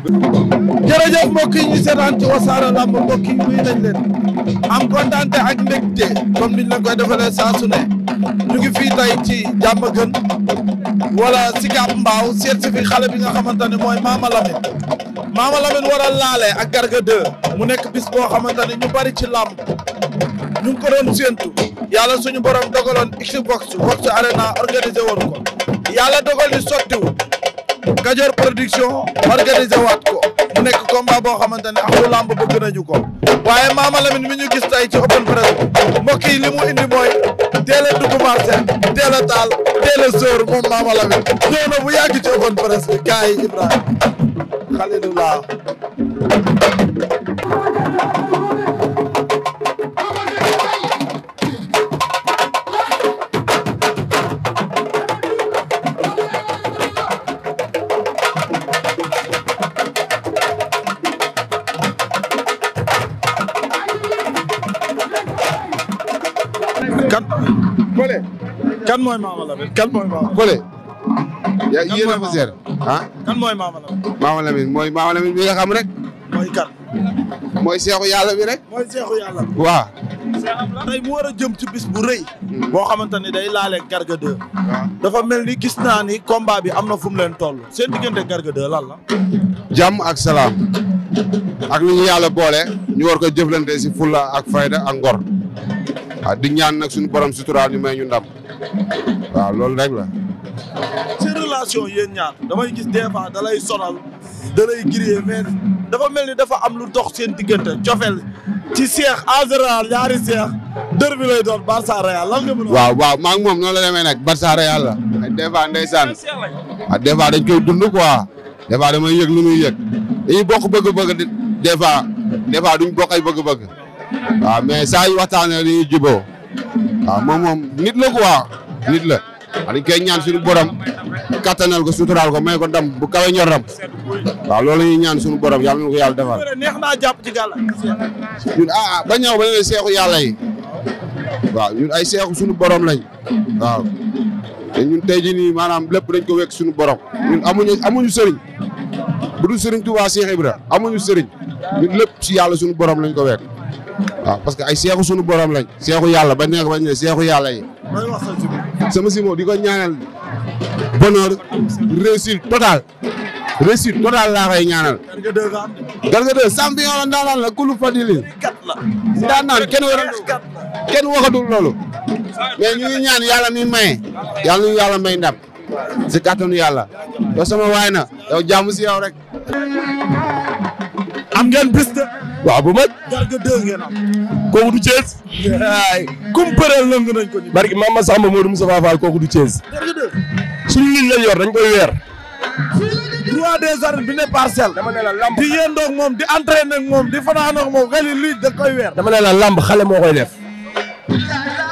jërëjëf mbokk yi ñu seetaan ci wasaare lamb mbokk yi nuyu nañ leen am kontaante ak mbégte comme niñ la koy defalee saa ne ñu ngi fii ci jàmm gën wala Sicap Mbao seet si fi xale bi nga xamante ne mooy Mama Lamine Mama Lamine war a laale ak Garga 2 mu nekk bis boo xamante ne ñu bari ci lamb ñu ngi ko doon séentu yàlla suñu borom dogaloon Xbox Vox Arena organisé woon ko yàlla dogal Kajoor production organisé waat ko mu nekk combat boo xamante ne axlu lamb bëgg nañu ko waaye Mama Lamine mi ñu gis ci open press mbokk yi li mu indi mooy teel a dugg marché teel a taal a moom Mama Lamine ñëw na bu yàgg ci open press bi gars yi Ibrahima kan mooy Maama Lamine kan mooy Maama a ma seer ah? mooy Maama Lamine. Maama bi nga xam rek. mooy kan. mooy seexu yàlla bi rek. mooy seexu yàlla bi. waaw. mu war a jëm ci bis bu rëy. Hmm. boo xamante ni day laale Garga 2. dafa mel ni gis naa ni combat bi am na fu mu leen toll. seen diggante Garga 2 lan la. jàmm ak salaam. ak li ñu yàlla boole. ñu war ko jëflante si fulla ak fayda ak waaw ah, di ñaan nag suñu borom suturaal ñu may ñu ndam waaw loolu rek la. seen relation yéen ñaar damay gis des fois da lay sonal da lay griller dafa mel ni dafa am lu dox seen diggante cofeel ci seex en général ñaari seex dër bi lay doon Barça Real lan nga mën a. waaw waaw maa ngi moom noonu la demee nag Barça Real la. des fois ndeysaan ah des fois dañ koy dund quoi des fois damay yëg lu mu yëg dañuy bokk bëgg-bëgg des fois des fois bokk ay bëgg-bëgg. waaw ah, mais saa yu waxtaanee dañuy jubóo waaw ah, moom moom nit la waa nit la dañ koy ñaan suñu borom kattanal ko suturaal ko may ko dam bu kawe ñoram waaw loolu la ñuy ñaan suñu borom yàlla na ko yàlla defal. neex naa jàpp ci gàll. ñun ah, ah ba ñëw seexu yàlla yi waaw ñun ay seexu suñu borom lañ waaw te ñun tey jii nii maanaam lépp dañ ko wekk suñu borom ñun amuñu amuñu sëriñ bu dul sëriñ Tuubaa Seex Ibra amuñu sëriñ ñun lépp si yàlla suñu borom lañ ko wekk. parce que ay seexu sunu borom lañ seexu yàlla ba nekk bañ ne seexu yàlla yi sama simo di ñaanal bonheur réussite totale réussite totale laa koy ñaanal Garga 2 champion la ndaanaan la kulu fadili ndaanaan kenn war kenn waxatul loolu mais ñu ngi ñaan yàlla mi maye yàlla ñu yàlla may ndam si kàttanu yàlla yow sama waay na yow jàmm si rek am geen bis de. waaw bu mag. garga deux ngeen am. kooku du Thiès. waay kum përeel lëng nañ ko. ma Mama Samba Modou Moustapha Fall kooku du Thiès. garga deux. suñu liñ lañ yor dañ koy weer. roi des arènes bi ne parcelle. dama ne la lamb di yëndoog moom di entraîner ak moom di fanaan ak moom xel li da dama ne la lamb xale moo koy def.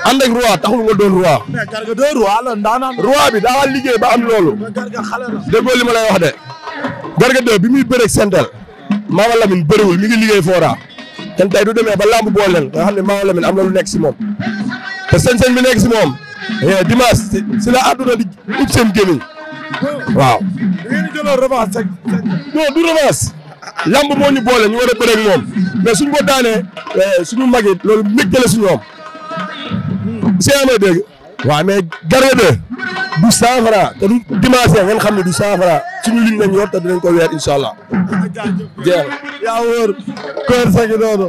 ànd ak roi taxul nga doon roi. mais garga deux roi la ndaanaan. bi daa liggéey ba am loolu. garga xale la déggoo li ma lay wax de. garga deux bi muy bëreeg sentel Mama Lamine bëriwul mi ngi liggéey Fora kon du demee ba lamb boole leen nga xam ne Mama Lamine am na nekk si moom te sañ-sañ bi nekk si moom eh, dimanche si la àdduna di ub seen gémmiñ waaw. du revanche lamb moo ñu boole ñu war a bëreeg moom mais suñ ko daanee eh, suñu mag yi loolu mbégte la si ñoom. si amee dégg. waaw mais garab du 100 francs te du dimanche ngeen xam ne du 100 francs suñu liñ lañ yor te dinañ ko weer incha allah. jeex yaa wóor kër sa gi noonu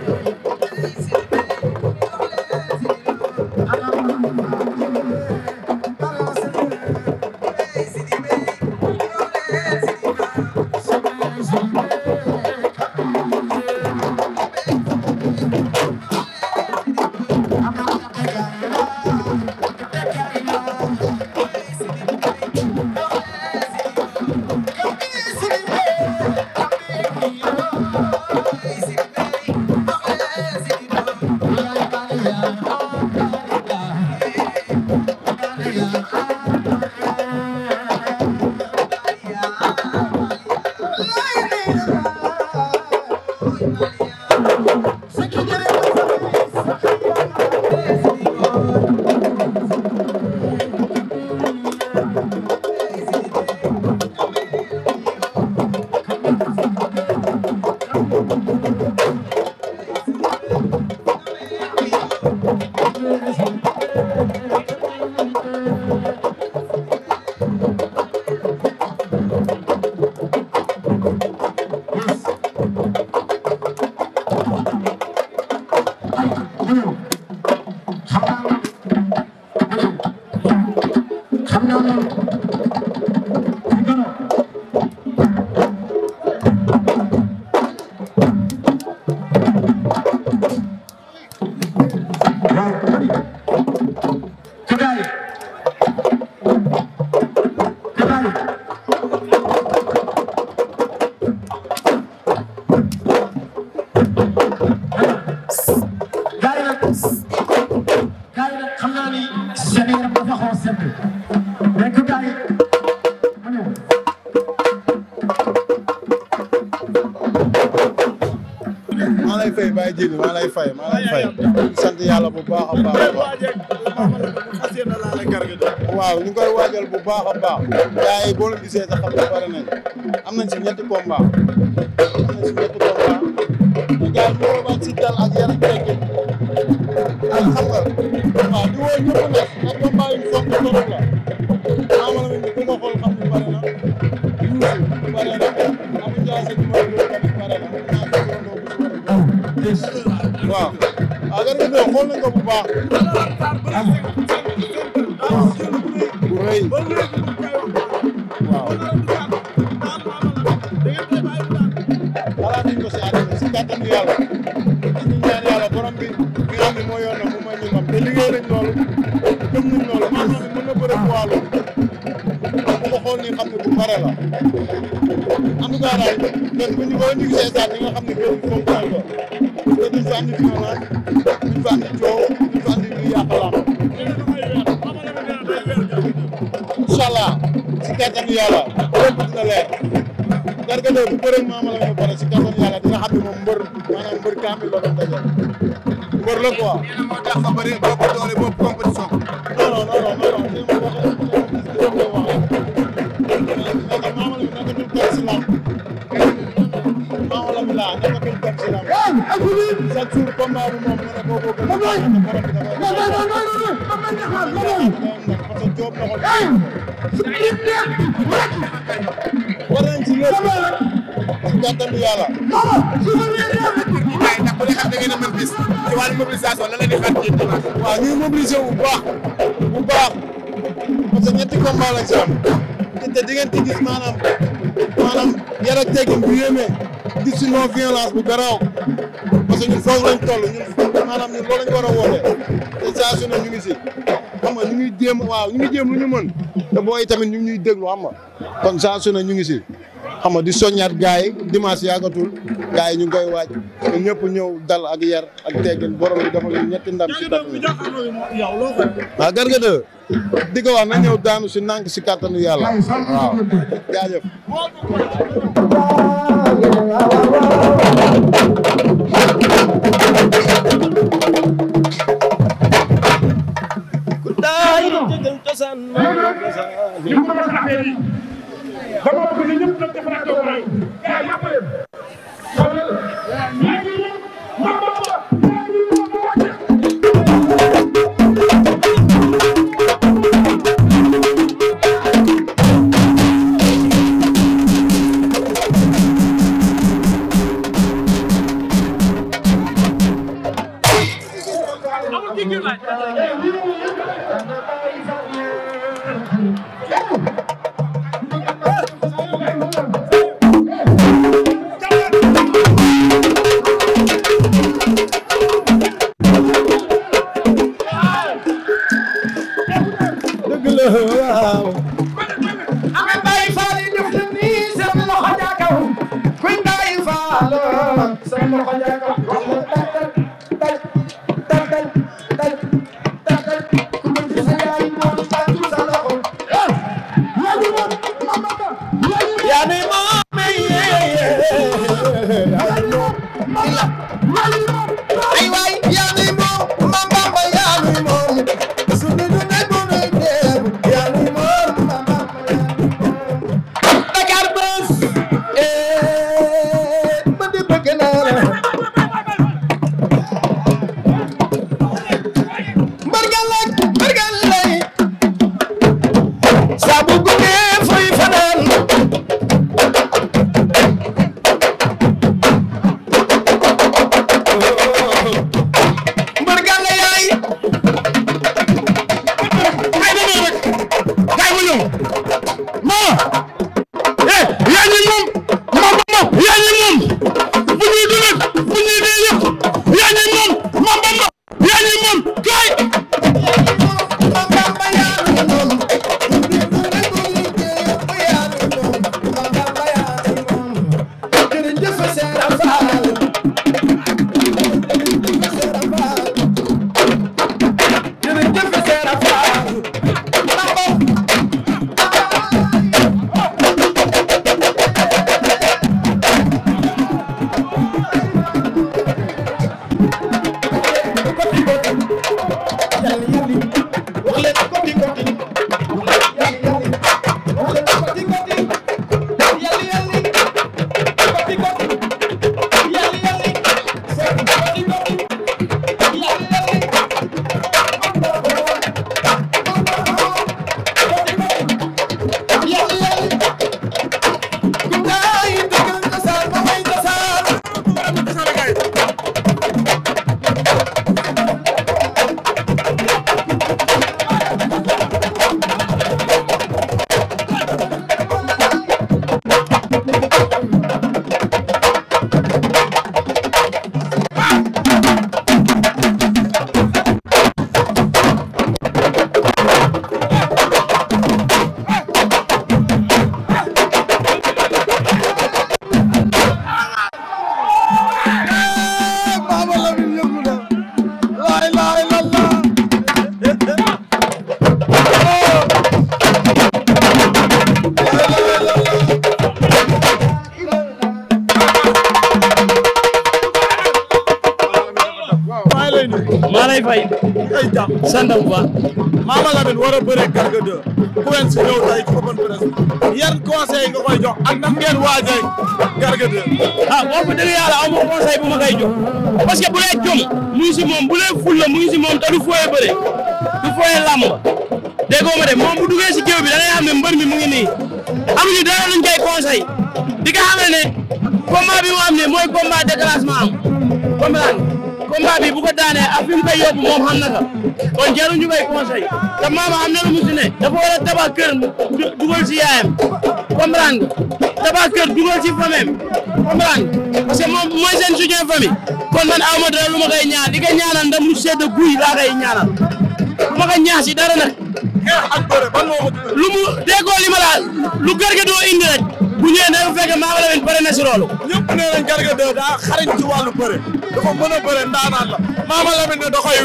gaa yi nag gaa yi nag xam naa ni seen yaram dafa xaw a sedd mais que gaa yi ma ñëw maa lay fay bàyyi jëli maa lay fay maa lay fay sant yàlla bu baax a baax a baax waaw ñu koy waajal bu baax a baax gaa yi boo leen gisee sax xam ne pare nañ am nañ si ñetti combat am nañ si ñetti bu rëy waaw xalaat nañ ko si àddina si kàttanu yàlla borom bi nga xam moo yoon mu ma ñu te liggéey nañ loolu gëm nañ loolu maanaam mën na bëre poids loolu bu ko xool nii xam ne bu pare la en tout cas daal ñun bu ñu ko ñu gisee nga xam ne gën ñu ko parce que duñ fa andi violence duñ fa andi coow duñ fa andi luy yàq kàttan yàlla lépp dina leer Garga 2 bu bëreeg Mama Lamine Bara si kàttan yàlla dina xam ne moom mbër maanaam mbër kaamil la doon daje mbër la quoi. moo tax ba bëri bopp doole bopp compétition. non non non non non chaque jour combat bi moom nga ne boo ko gën a baax nga faral di ko baax. parce que Diop la ko. kàttanu yàlla. ndax ku ne xam da ngeen a mën bis ci wàllu mobilisation lan la ñuy xaar ci dimanche. waaw ñuy mobiliser bu baax bu baax parce que ñetti combat la ci am te di ngeen ci gis maanaam maanaam yar ak teggin bu yéemee gis ci non violence bu garaaw parce que ñun foofu lañ toll ñun maanaam ñun loolu lañ war a woote te saa su ne ñu ngi si xam nga ñu ngi jéem waaw ñu ngi jéem lu ñu mën te booy tamit ñu ngi ñuy déglu xam nga kon saa su ne ñu ngi si. xam nga di soññaat gars yi dimanche yaagatul gars yi ñu koy waaj te ñëpp ñëw dal ak yar ak teggin borom bi dafa ñetti ndam si dara. waaw Garga 2 di ko wax na ñëw daanu si nànk si kàttanu yàlla waaw jaajëf. dama bëgg ñëpp nag defaraat ko ay yaa jàppale war a bëree Garga 2 Quench ñëw tey ci open press yan conseil nga koy jox ak nan ngeen waajee Garga ah, bu ma koy jox bu dee jom mu ngi moom bu dee fulla mu ngi moom te du fooyee bëre du fooyee làmb dégg nga de moom bu duggee si géew bi da ngay xam ne mu ngi nii amuñu dara luñ koy conseil di nga xam ne mooy combat déclassement am comprendre combat daanee ak fi mu moom xam na kon jaruñu koy conseil. te maama am na lu mu si ne dafa war a tabax kër dugal si yaayam comprendre nga kër dugal si famem comprendre parce que moom mooy seen kon man aw dara lu ma koy di ko ñaanal ndam lu sedd laa koy ñaanal lu ma ko dara nag lu mu déggoo li ma lu garga doo indi rek bu na si loolu. ñëpp nee nañ a bëre Mama Lamine ne da koy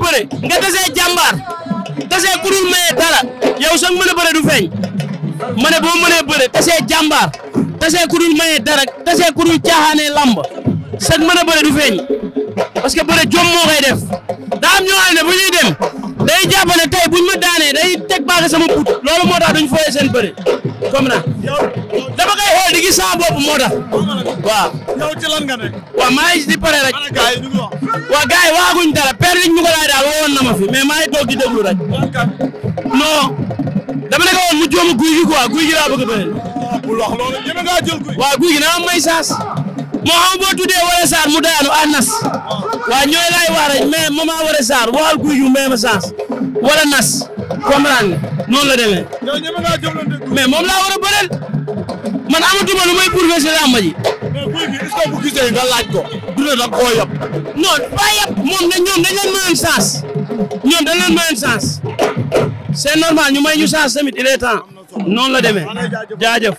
bëre nga desee jàmbaar desee ku dul dara yow sax mën a bëre du feeñ ma ne boo mënee bëre desee jàmbaar desee ku dul mayee dara desee ku dul caaxaanee lamb sax a bëre du feeñ parce que bëre jom moo koy def daa am ñoo bu ñuy dem day jàpp ne buñ ma daanee day teg baaga sama put loolu moo tax duñ fooyee seen bëre comme na. dama koy xool di gis sama bopp moo tax waaw. yow ci lan nga ne. waaw dara père liñ ñu ko laaj daal na ma fi mais maa ngi toog di déglu rek. dama ne ko mu jóomu guy gi quoi guy gi laa bëgg a bëri. waaw guy gi dama may saas. moo xam boo tuddee Woré Sarr mu daanu anas waaw ñooy laay wax rek mais maman Woré Sarr waxal guy gi même saas wala nas comprendre nga noonu la demee. mais moom laa war a bëreel. man amatuma lu may prouvé si làmb ji. mais guy gi est-ce que bu du la da koo yab. non pas yab moom ne ñoom dañ leen am chance ñoom dañ leen mayoon chance c'est normal ñu may ñu chance tamit il est temps la demee jaajëf.